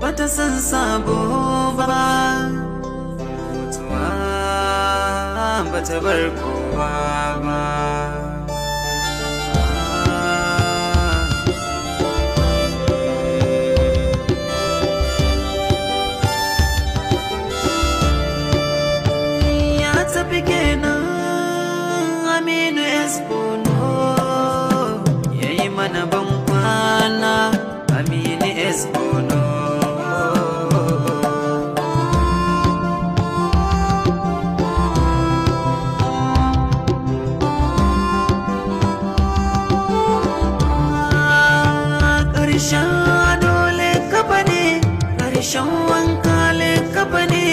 bata san sabo ba mutuwa bata bar kowa ba Ya tafi kenan Aminu Esbono wanka leka ne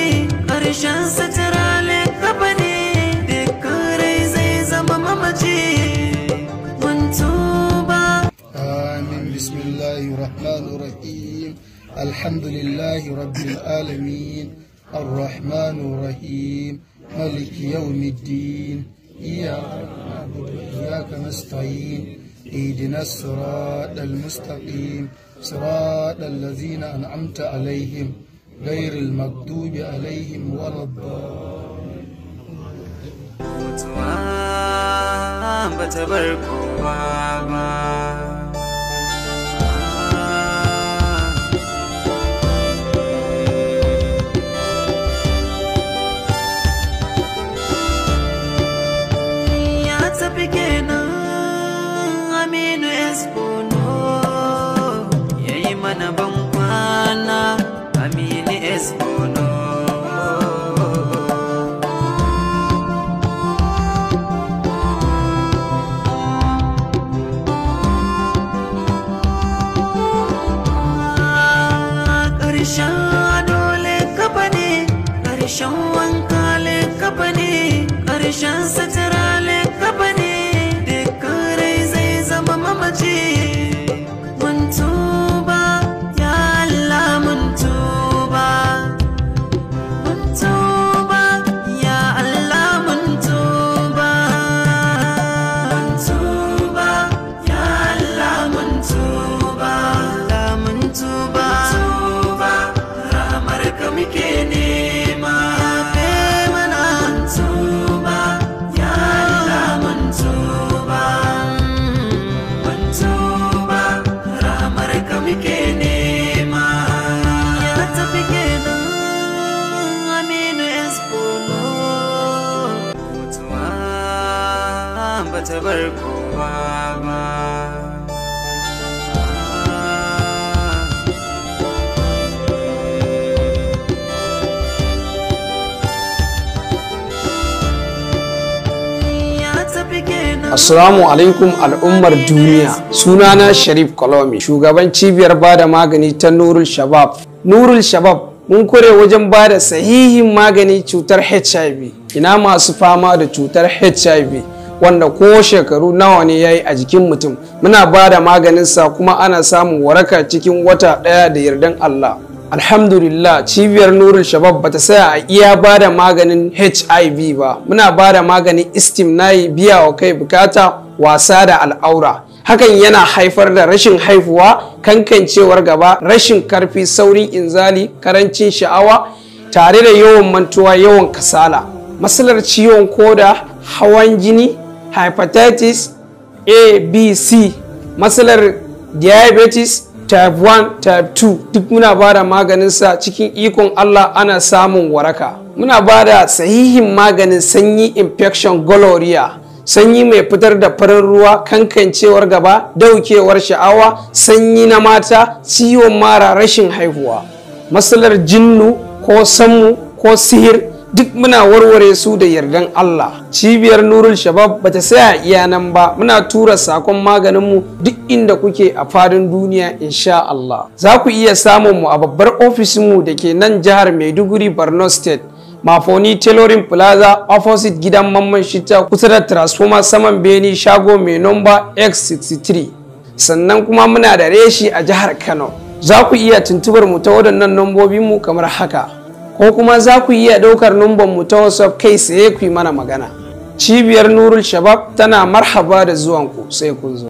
ƙarshen satira leka ne da rai zai zama mamaci mun tuba amin bismillahir rahmanir rahim alhamdulillahi rabbil alamin الرحمن الرحيم ملك يوم الدين إياك نستعين اهدنا الصراط المستقيم صراط الذين أنعمت عليهم غير المكتوب عليهم ولا الضالين sha dole kafa ne ƙarshen wanka le kafa ne ƙarshen satara Assalamu alaikum al'ummar duniya. Sunana Sharif Kolomi, shugaban cibiyar bada magani ta Nurul Shabab. Nurul Shabab mun kure wajen bada sahihin magani cutar HIV. Ina masu fama da cutar HIV. wanda ko shekaru nawa ne ya yi a jikin mutum muna ba da sa kuma ana samun waraka cikin wata ɗaya da yardan Allah alhamdulillah cibiyar nurin shabab bata saya a iya ba da maganin hiv ba muna ba da maganin istimnayi biya wa kai bukata wasa da al'aura hakan yana haifar da rashin haifuwa kankancewar gaba rashin karfi saurin inzali karancin sha'awa tare da yawan mantuwa yawan kasala Masalar ciwon koda hawan jini hepatitis a b c matsalar diabetes type 1 type 2 duk muna ba da sa cikin ikon allah ana samun waraka muna ba da sahihin maganin sanyi infection gonorrhea sanyi mai fitar da farin ruwa kankancewar gaba daukewar sha'awa sanyi na mata ciwon mara rashin haihuwa matsalar jinnu ko sammu ko sihir duk muna warware su da yardan Allah cibiyar nurul shabab ba bata saya iya nan ba muna tura sakon maganinmu duk inda kuke a fadin duniya insha Allah za ku iya samun mu a babbar ofishinmu da ke nan jihar Maiduguri Borno State Mafoni Tailoring Plaza opposite gidan Mamman Shitta kusa da Transformer saman Beni shago mai nomba X63. Sannan kuma muna da reshi a jihar Kano. Za ku iya tuntubar mu ta waɗannan nombobinmu kamar haka. ko kuma za ku iya ɗaukar numban mu ta whatsapp kai tsaye ku yi mana magana cibiyar nurul shabab tana marhaba da zuwanku sai kun zo